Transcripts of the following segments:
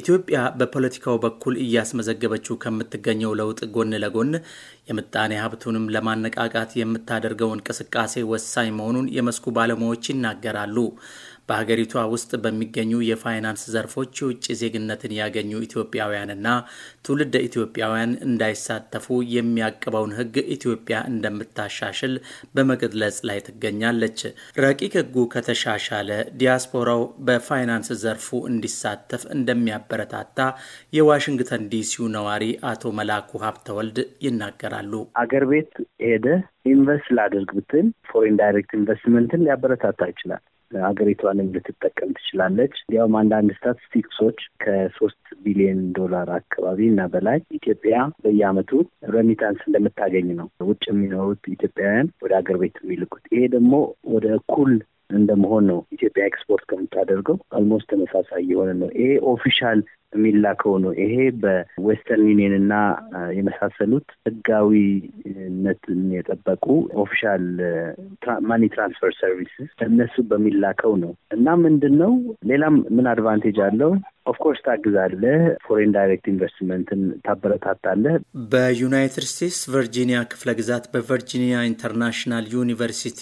ኢትዮጵያ በፖለቲካው በኩል እያስመዘገበችው ከምትገኘው ለውጥ ጎን ለጎን የምጣኔ ሀብቱንም ለማነቃቃት የምታደርገው እንቅስቃሴ ወሳኝ መሆኑን የመስኩ ባለሙያዎች ይናገራሉ። በሀገሪቷ ውስጥ በሚገኙ የፋይናንስ ዘርፎች የውጭ ዜግነትን ያገኙ ኢትዮጵያውያንና ትውልደ ኢትዮጵያውያን እንዳይሳተፉ የሚያቅበውን ሕግ ኢትዮጵያ እንደምታሻሽል በመግለጽ ላይ ትገኛለች። ረቂቅ ሕጉ ከተሻሻለ ዲያስፖራው በፋይናንስ ዘርፉ እንዲሳተፍ እንደሚያበረታታ የዋሽንግተን ዲሲው ነዋሪ አቶ መላኩ ሀብተወልድ ይናገራል። ይናገራሉ። አገር ቤት ሄደ ኢንቨስት ላድርግ ብትል ፎሬን ዳይሬክት ኢንቨስትመንትን ሊያበረታታ ይችላል። ሀገሪቷንም ልትጠቀም ትችላለች። እንዲያውም አንዳንድ ስታቲስቲክሶች ከሶስት ቢሊዮን ዶላር አካባቢ እና በላይ ኢትዮጵያ በየአመቱ ረሚታንስ እንደምታገኝ ነው ውጭ የሚኖሩት ኢትዮጵያውያን ወደ ሀገር ቤት የሚልኩት። ይሄ ደግሞ ወደ እኩል እንደመሆን ነው ኢትዮጵያ ኤክስፖርት ከምታደርገው አልሞስት ተመሳሳይ የሆነ ነው። ይሄ ኦፊሻል የሚላከው ነው። ይሄ በዌስተርን ዩኒየን እና የመሳሰሉት ሕጋዊነትን የጠበቁ ኦፊሻል ማኒ ትራንስፈር ሰርቪስ እነሱ በሚላከው ነው እና ምንድን ነው ሌላም ምን አድቫንቴጅ አለው? ኦፍኮርስ ታግዛለህ። ፎሬን ዳይሬክት ኢንቨስትመንትን ታበረታታለህ። በዩናይትድ ስቴትስ ቨርጂኒያ ክፍለ ግዛት በቨርጂኒያ ኢንተርናሽናል ዩኒቨርሲቲ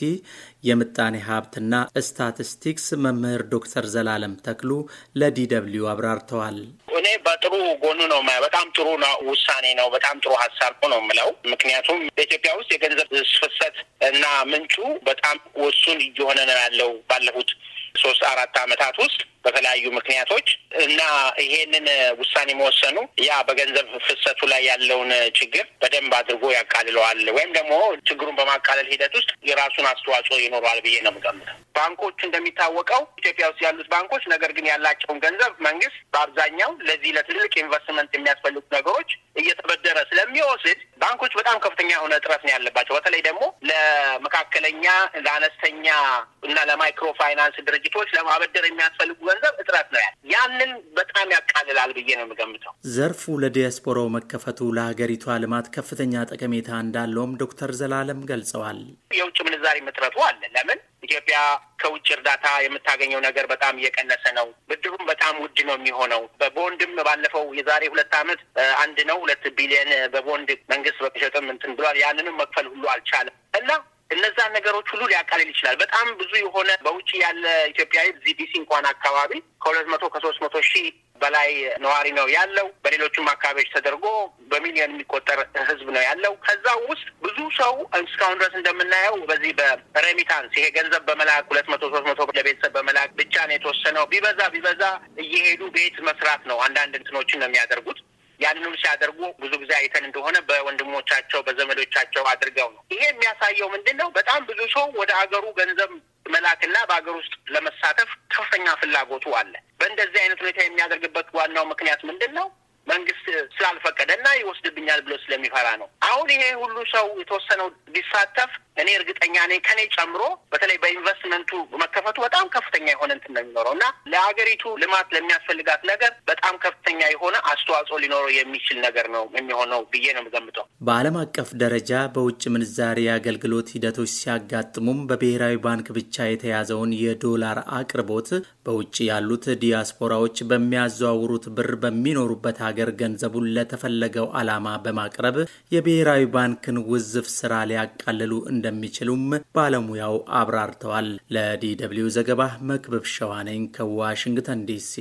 የምጣኔ ሀብትና ስታቲስቲክስ መምህር ዶክተር ዘላለም ተክሉ ለዲ አብራርተዋል። እኔ በጥሩ ጎኑ ነው በጣም ጥሩ ውሳኔ ነው። በጣም ጥሩ ሀሳብ ነው የምለው። ምክንያቱም በኢትዮጵያ ውስጥ የገንዘብ ፍሰት እና ምንጩ በጣም ውሱን እየሆነ ነው ያለው ባለፉት ሶስት አራት አመታት ውስጥ በተለያዩ ምክንያቶች እና ይሄንን ውሳኔ መወሰኑ ያ በገንዘብ ፍሰቱ ላይ ያለውን ችግር በደንብ አድርጎ ያቃልለዋል ወይም ደግሞ ችግሩን በማቃለል ሂደት ውስጥ የራሱን አስተዋጽኦ ይኖረዋል ብዬ ነው የምገምተው። ባንኮች እንደሚታወቀው ኢትዮጵያ ውስጥ ያሉት ባንኮች ነገር ግን ያላቸውን ገንዘብ መንግስት በአብዛኛው ለዚህ ለትልልቅ ኢንቨስትመንት የሚያስፈልጉ ነገሮች እየተበደረ ስለሚወስድ ባንኮች በጣም ከፍተኛ የሆነ እጥረት ነው ያለባቸው። በተለይ ደግሞ ለመካከለኛ ለአነስተኛ እና ለማይክሮ ፋይናንስ ድርጅቶች ለማበደር የሚያስፈልጉ ገንዘብ እጥረት ነው ያለ። ያንን በጣም ያቃልላል ብዬ ነው የምገምተው። ዘርፉ ለዲያስፖራው መከፈቱ ለሀገሪቷ ልማት ከፍተኛ ጠቀሜታ እንዳለውም ዶክተር ዘላለም ገልጸዋል። የውጭ ምንዛሪ እጥረቱ አለ። ለምን ኢትዮጵያ ከውጭ እርዳታ የምታገኘው ነገር በጣም እየቀነሰ ነው። ብድሩም በጣም ውድ ነው የሚሆነው። በቦንድም ባለፈው የዛሬ ሁለት ዓመት አንድ ነው ሁለት ቢሊየን በቦንድ መንግስት በመሸጥም እንትን ብሏል። ያንንም መክፈል ሁሉ አልቻለም እና እነዛን ነገሮች ሁሉ ሊያቃልል ይችላል። በጣም ብዙ የሆነ በውጭ ያለ ኢትዮጵያዊ እዚህ እንኳን አካባቢ ከሁለት መቶ ከሶስት መቶ ሺህ በላይ ነዋሪ ነው ያለው። በሌሎቹም አካባቢዎች ተደርጎ በሚሊዮን የሚቆጠር ህዝብ ነው ያለው። ከዛ ውስጥ ብዙ ሰው እስካሁን ድረስ እንደምናየው በዚህ በሬሚታንስ ይሄ ገንዘብ በመላክ ሁለት መቶ ሶስት መቶ ለቤተሰብ በመላክ ብቻ ነው የተወሰነው። ቢበዛ ቢበዛ እየሄዱ ቤት መስራት ነው አንዳንድ እንትኖችን ነው የሚያደርጉት። ያንኑ ሲያደርጉ ብዙ ጊዜ አይተን እንደሆነ በወንድሞቻቸው በዘመዶቻቸው አድርገው ነው። ይሄ የሚያሳየው ምንድን ነው? በጣም ብዙ ሰው ወደ ሀገሩ ገንዘብ መላክና በሀገር ውስጥ ለመሳተፍ ከፍተኛ ፍላጎቱ አለ። በእንደዚህ አይነት ሁኔታ የሚያደርግበት ዋናው ምክንያት ምንድን ነው? መንግስት ስላልፈቀደና ይወስድብኛል ብሎ ስለሚፈራ ነው። አሁን ይሄ ሁሉ ሰው የተወሰነው ቢሳተፍ እኔ እርግጠኛ ነኝ ከኔ ጨምሮ በተለይ በኢንቨስትመንቱ መከፈቱ በጣም ከፍተኛ የሆነ እንትን ነው የሚኖረው እና ለሀገሪቱ ልማት ለሚያስፈልጋት ነገር በጣም ከፍ ከፍተኛ የሆነ አስተዋጽኦ ሊኖረው የሚችል ነገር ነው የሚሆነው ብዬ ነው የምገምጠው። በዓለም አቀፍ ደረጃ በውጭ ምንዛሬ አገልግሎት ሂደቶች ሲያጋጥሙም በብሔራዊ ባንክ ብቻ የተያዘውን የዶላር አቅርቦት በውጭ ያሉት ዲያስፖራዎች በሚያዘዋውሩት ብር በሚኖሩበት ሀገር ገንዘቡን ለተፈለገው ዓላማ በማቅረብ የብሔራዊ ባንክን ውዝፍ ስራ ሊያቃልሉ እንደሚችሉም ባለሙያው አብራርተዋል። ለዲ ደብልዩ ዘገባ መክበብ ሸዋነኝ ከዋሽንግተን ዲሲ